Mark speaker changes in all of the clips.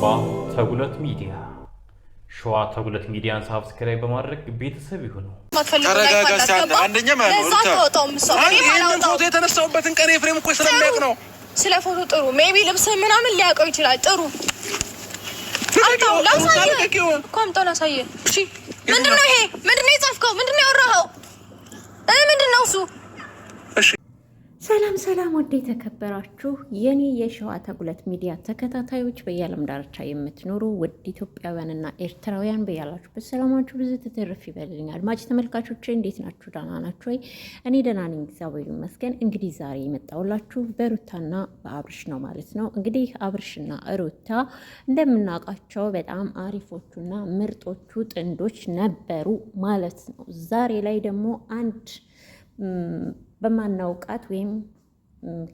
Speaker 1: አባ ተጉለት ሚዲያ ሸዋ ተጉለት ሚዲያን ሳብስክራይብ በማድረግ ቤተሰብ ይሁኑ።
Speaker 2: የተነሳሁበትን ቀን ፍሬም እኮ ስለሚያውቅ ነው።
Speaker 3: ስለ ፎቶ ጥሩ ቢ ልብስ ምናምን ሊያውቀው ይችላል። ጥሩ ምንድነው ይሄ? ምንድነው ነው የጻፍከው? ምንድን ነው ያወራኸው? ምንድን እሱ
Speaker 4: ሰላም ሰላም፣ ወደ የተከበራችሁ የኔ የሸዋ ተጉለት ሚዲያ ተከታታዮች በየዓለም ዳርቻ የምትኖሩ ውድ ኢትዮጵያውያንና ኤርትራውያን በያላችሁበት ሰላማችሁ ብዙ ትትርፍ ይበልልኝ። አድማጭ ተመልካቾች እንዴት ናችሁ? ደህና ናችሁ ወይ? እኔ ደህና ነኝ፣ እግዚአብሔር ይመስገን። እንግዲህ ዛሬ የመጣሁላችሁ በሩታና በአብርሽ ነው ማለት ነው። እንግዲህ አብርሽና ሩታ እንደምናውቃቸው በጣም አሪፎቹና ምርጦቹ ጥንዶች ነበሩ ማለት ነው። ዛሬ ላይ ደግሞ አንድ በማናውቃት ወይም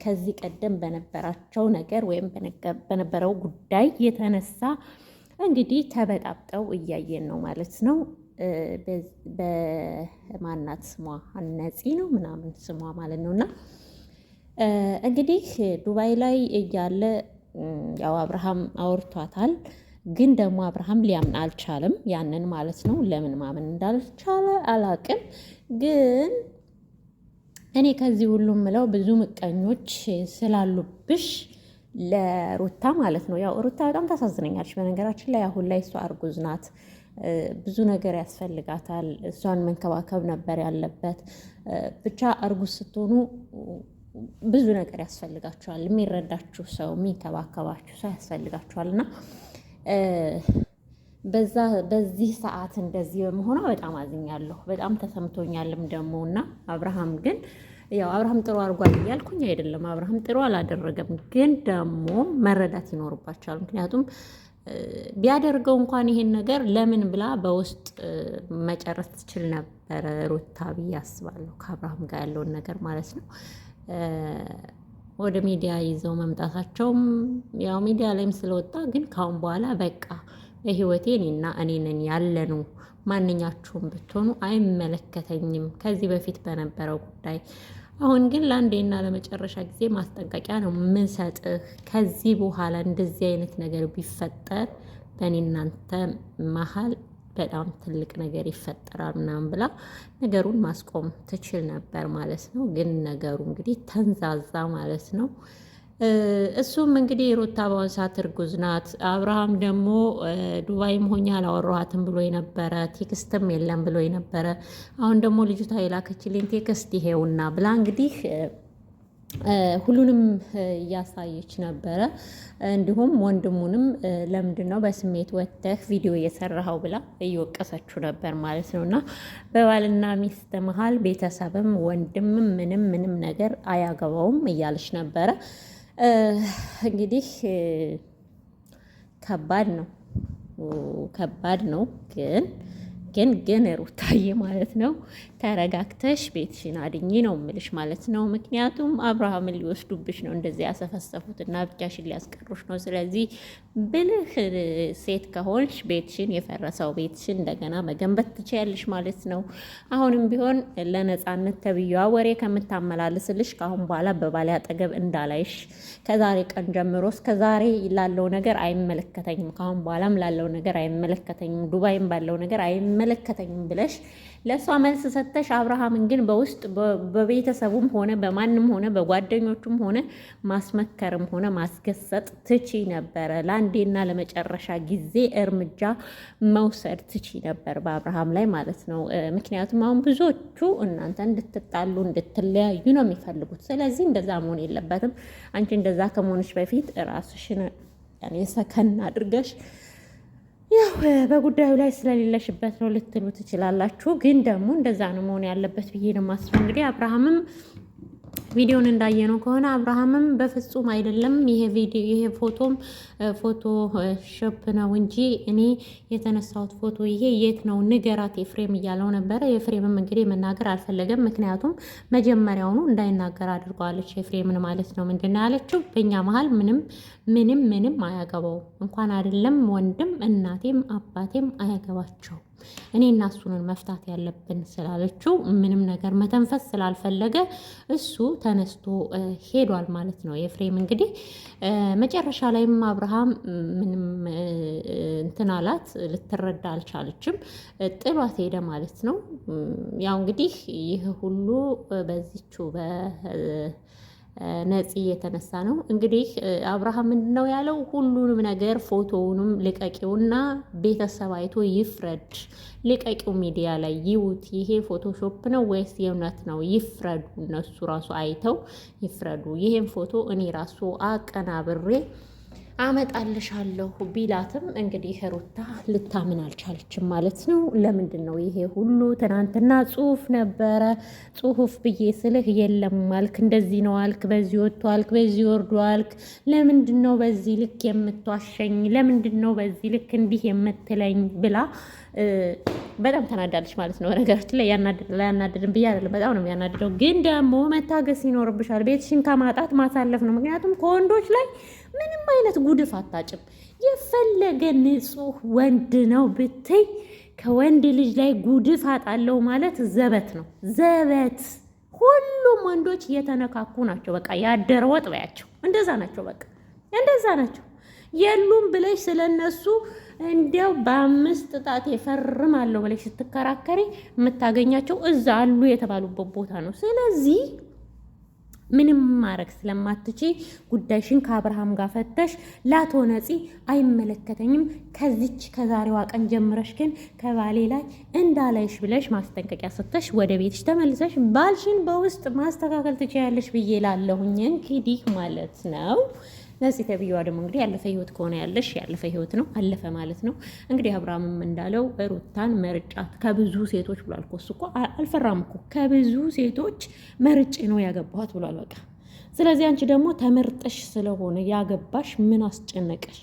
Speaker 4: ከዚህ ቀደም በነበራቸው ነገር ወይም በነበረው ጉዳይ የተነሳ እንግዲህ ተበጣብጠው እያየን ነው ማለት ነው። በማናት ስሟ ነፂ ነው ምናምን ስሟ ማለት ነው። እና እንግዲህ ዱባይ ላይ እያለ ያው አብርሃም አውርቷታል። ግን ደግሞ አብርሃም ሊያምን አልቻለም፣ ያንን ማለት ነው። ለምን ማመን እንዳልቻለ አላቅም ግን እኔ ከዚህ ሁሉ ምለው ብዙ ምቀኞች ስላሉብሽ ለሩታ ማለት ነው። ያው ሩታ በጣም ታሳዝነኛለች። በነገራችን ላይ አሁን ላይ እሷ እርጉዝ ናት። ብዙ ነገር ያስፈልጋታል። እሷን መንከባከብ ነበር ያለበት። ብቻ እርጉዝ ስትሆኑ ብዙ ነገር ያስፈልጋችኋል። የሚረዳችሁ ሰው፣ የሚንከባከባችሁ ሰው ያስፈልጋችኋል እና በዛ በዚህ ሰዓት እንደዚህ በመሆኗ በጣም አዝኛለሁ፣ በጣም ተሰምቶኛልም ደግሞ እና አብርሃም ግን ያው አብርሃም ጥሩ አድርጓል እያልኩኝ አይደለም። አብርሃም ጥሩ አላደረገም፣ ግን ደግሞ መረዳት ይኖርባቸዋል። ምክንያቱም ቢያደርገው እንኳን ይሄን ነገር ለምን ብላ በውስጥ መጨረስ ትችል ነበረ ሩታ ብዬ አስባለሁ። ከአብርሃም ጋር ያለውን ነገር ማለት ነው። ወደ ሚዲያ ይዘው መምጣታቸውም ያው ሚዲያ ላይም ስለወጣ ግን ካሁን በኋላ በቃ ህይወቴ እኔና እኔንን ያለኑ ማንኛችሁም ብትሆኑ አይመለከተኝም። ከዚህ በፊት በነበረው ጉዳይ አሁን ግን ለአንዴና ለመጨረሻ ጊዜ ማስጠንቀቂያ ነው ምንሰጥህ። ከዚህ በኋላ እንደዚህ አይነት ነገር ቢፈጠር በእኔ እናንተ መሀል በጣም ትልቅ ነገር ይፈጠራል ምናምን ብላ ነገሩን ማስቆም ትችል ነበር ማለት ነው። ግን ነገሩ እንግዲህ ተንዛዛ ማለት ነው። እሱም እንግዲህ ሩታ በአሁን ሰዓት እርጉዝ ናት። አብርሃም ደግሞ ዱባይም ሆኜ አላወራኋትም ብሎ የነበረ ቴክስትም የለም ብሎ የነበረ አሁን ደግሞ ልጅቷ የላከችልኝ ቴክስት ይሄውና ብላ እንግዲህ ሁሉንም እያሳየች ነበረ። እንዲሁም ወንድሙንም ለምንድን ነው በስሜት ወጥተህ ቪዲዮ እየሰራኸው ብላ እየወቀሰችው ነበር ማለት ነው። እና በባልና ሚስት መሀል ቤተሰብም ወንድምም ምንም ምንም ነገር አያገባውም እያለች ነበረ። እንግዲህ ከባድ ነው ከባድ ነው ግን ግን ግን ሩታዬ ማለት ነው ተረጋግተሽ ቤትሽን አድኚ ነው ምልሽ ማለት ነው። ምክንያቱም አብርሃምን ሊወስዱብሽ ነው እንደዚህ ያሰፈሰፉት እና ብቻሽን ሊያስቀሩሽ ነው። ስለዚህ ብልህ ሴት ከሆንሽ ቤትሽን የፈረሰው ቤትሽን እንደገና መገንበት ትችያለሽ ማለት ነው። አሁንም ቢሆን ለነፃነት ተብዬዋ ወሬ ከምታመላልስልሽ ከአሁን በኋላ በባሌ አጠገብ እንዳላይሽ ከዛሬ ቀን ጀምሮ እስከ ዛሬ ላለው ነገር አይመለከተኝም፣ ከአሁን በኋላም ላለው ነገር አይመለከተኝም፣ ዱባይም ባለው ነገር አይመለ አይመለከተኝም ብለሽ ለእሷ መልስ ሰተሽ አብርሃምን ግን በውስጥ በቤተሰቡም ሆነ በማንም ሆነ በጓደኞቹም ሆነ ማስመከርም ሆነ ማስገሰጥ ትቺ ነበረ። ለአንዴና ለመጨረሻ ጊዜ እርምጃ መውሰድ ትቺ ነበር በአብርሃም ላይ ማለት ነው። ምክንያቱም አሁን ብዙዎቹ እናንተ እንድትጣሉ እንድትለያዩ ነው የሚፈልጉት። ስለዚህ እንደዛ መሆን የለበትም። አንቺ እንደዛ ከመሆንሽ በፊት ራስሽን የሰከን አድርገሽ ያው በጉዳዩ ላይ ስለሌለሽበት ነው ልትሉ ትችላላችሁ። ግን ደግሞ እንደዛ ነው መሆን ያለበት ብዬ ነው የማስበው። እንግዲህ አብርሃምም ቪዲዮን እንዳየነው ከሆነ አብርሃምም በፍጹም አይደለም፣ ይሄ ቪዲዮ ይሄ ፎቶም ፎቶ ሾፕ ነው እንጂ እኔ የተነሳሁት ፎቶ ይሄ የት ነው ንገራት ኤፍሬም እያለው ነበረ። ኤፍሬምም እንግዲህ መናገር አልፈለገም፣ ምክንያቱም መጀመሪያውኑ እንዳይናገር አድርገዋለች። ኤፍሬምን ማለት ነው። ምንድን ነው ያለችው? በእኛ መሀል ምንም ምንም ምንም አያገባው እንኳን አይደለም ወንድም እናቴም አባቴም አያገባቸው እኔ እና እሱንን መፍታት ያለብን ስላለችው ምንም ነገር መተንፈስ ስላልፈለገ እሱ ተነስቶ ሄዷል ማለት ነው። የፍሬም እንግዲህ መጨረሻ ላይም አብርሃም ምንም እንትን አላት፣ ልትረዳ አልቻለችም፣ ጥሏት ሄደ ማለት ነው። ያው እንግዲህ ይህ ሁሉ በዚቹ። ነፂ የተነሳ ነው እንግዲህ አብርሃም ምንድን ነው ያለው? ሁሉንም ነገር ፎቶውንም ልቀቂውና ቤተሰብ አይቶ ይፍረድ፣ ልቀቂው፣ ሚዲያ ላይ ይውት። ይሄ ፎቶሾፕ ነው ወይስ የእውነት ነው? ይፍረዱ፣ እነሱ ራሱ አይተው ይፍረዱ። ይሄን ፎቶ እኔ ራሱ አቀናብሬ አመጣልሻለሁ ቢላትም እንግዲህ ሩታ ልታምን አልቻለችም ማለት ነው። ለምንድን ነው ይሄ ሁሉ? ትናንትና ጽሁፍ ነበረ። ጽሁፍ ብዬ ስልህ የለም አልክ፣ እንደዚህ ነው አልክ፣ በዚህ ወጥቶ አልክ፣ በዚህ ወርዶ አልክ። ለምንድን ነው በዚህ ልክ የምትዋሸኝ? ለምንድን ነው በዚህ ልክ እንዲህ የምትለኝ? ብላ በጣም ተናዳለች ማለት ነው። ነገራችን ላይ ያናደድን ብዬ አይደለም፣ በጣም ነው የሚያናድደው። ግን ደግሞ መታገስ ይኖርብሻል። ቤትሽን ከማጣት ማሳለፍ ነው። ምክንያቱም ከወንዶች ላይ ምንም አይነት ጉድፍ አታጭም። የፈለገ ንጹህ ወንድ ነው ብትይ ከወንድ ልጅ ላይ ጉድፍ አጣለው ማለት ዘበት ነው ዘበት። ሁሉም ወንዶች የተነካኩ ናቸው። በቃ ያደረ ወጥ በያቸው እንደዛ ናቸው። በቃ እንደዛ ናቸው። የሉም ብለሽ ስለነሱ እንዲያው በአምስት ጣት የፈርማለሁ ብለሽ ስትከራከሪ የምታገኛቸው እዛ አሉ የተባሉበት ቦታ ነው። ስለዚህ ምንም ማድረግ ስለማትች ጉዳይሽን ከአብርሃም ጋር ፈተሽ ላቶ ነፂ አይመለከተኝም። ከዚች ከዛሬዋ ቀን ጀምረሽ ግን ከባሌ ላይ እንዳላይሽ ብለሽ ማስጠንቀቂያ ሰጥተሽ ወደ ቤትሽ ተመልሰሽ ባልሽን በውስጥ ማስተካከል ትችያለሽ ብዬ ላለሁኝ እንግዲህ ማለት ነው። ለዚህ ተብዬዋ ደግሞ እንግዲህ ያለፈ ህይወት ከሆነ ያለሽ ያለፈ ህይወት ነው፣ አለፈ ማለት ነው። እንግዲህ አብርሃምም እንዳለው ሩታን መርጫት ከብዙ ሴቶች ብሏል እኮ እሱ እኮ አልፈራም እኮ ከብዙ ሴቶች መርጬ ነው ያገባኋት ብሏል። በቃ ስለዚህ አንቺ ደግሞ ተመርጠሽ ስለሆነ ያገባሽ ምን አስጨነቀሽ?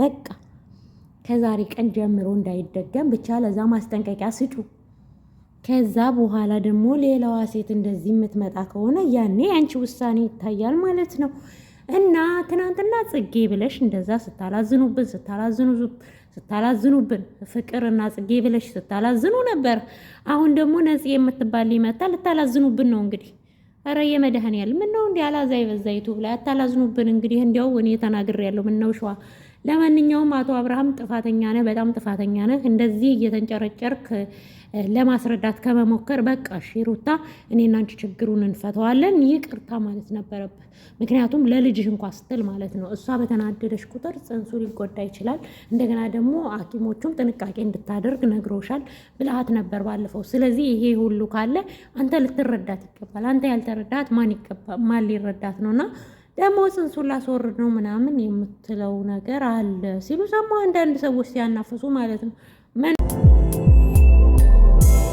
Speaker 4: በቃ ከዛሬ ቀን ጀምሮ እንዳይደገም ብቻ ለዛ ማስጠንቀቂያ ስጩ። ከዛ በኋላ ደግሞ ሌላዋ ሴት እንደዚህ የምትመጣ ከሆነ ያኔ አንቺ ውሳኔ ይታያል ማለት ነው። እና ትናንትና ጽጌ ብለሽ እንደዛ ስታላዝኑብን ስታላዝኑ ስታላዝኑብን ፍቅር እና ጽጌ ብለሽ ስታላዝኑ ነበር። አሁን ደግሞ ነጽ የምትባል ሊመታ ልታላዝኑብን ነው እንግዲህ። ኧረ የመድኃኒዓለም ነው እንዲህ አላዛይ በዛ ዩቱብ ላይ አታላዝኑብን እንግዲህ። እንዲያው እኔ ምን ነው ሸዋ ለማንኛውም አቶ አብርሃም ጥፋተኛ ነህ፣ በጣም ጥፋተኛ ነህ። እንደዚህ እየተንጨረጨርክ ለማስረዳት ከመሞከር በቃ ሽሩታ እኔና አንቺ ችግሩን እንፈተዋለን ይቅርታ ማለት ነበረበት። ምክንያቱም ለልጅሽ እንኳ ስትል ማለት ነው። እሷ በተናደደች ቁጥር ጽንሱ ሊጎዳ ይችላል። እንደገና ደግሞ ሐኪሞቹም ጥንቃቄ እንድታደርግ ነግሮሻል ብልሃት ነበር ባለፈው። ስለዚህ ይሄ ሁሉ ካለ አንተ ልትረዳት ይገባል። አንተ ያልተረዳት ማን ይገባል? ማን ሊረዳት ነው እና ደግሞ ጽንሱን ላስወርድ ነው ምናምን የምትለው ነገር አለ ሲሉ ሰማ አንዳንድ ሰዎች ሲያናፍሱ ማለት ነው።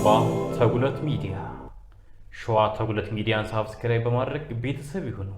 Speaker 4: ሸዋ ተጉለት ሚዲያ ሸዋ ተጉለት ሚዲያን ሳብስክራይብ በማድረግ ቤተሰብ ይሁኑ።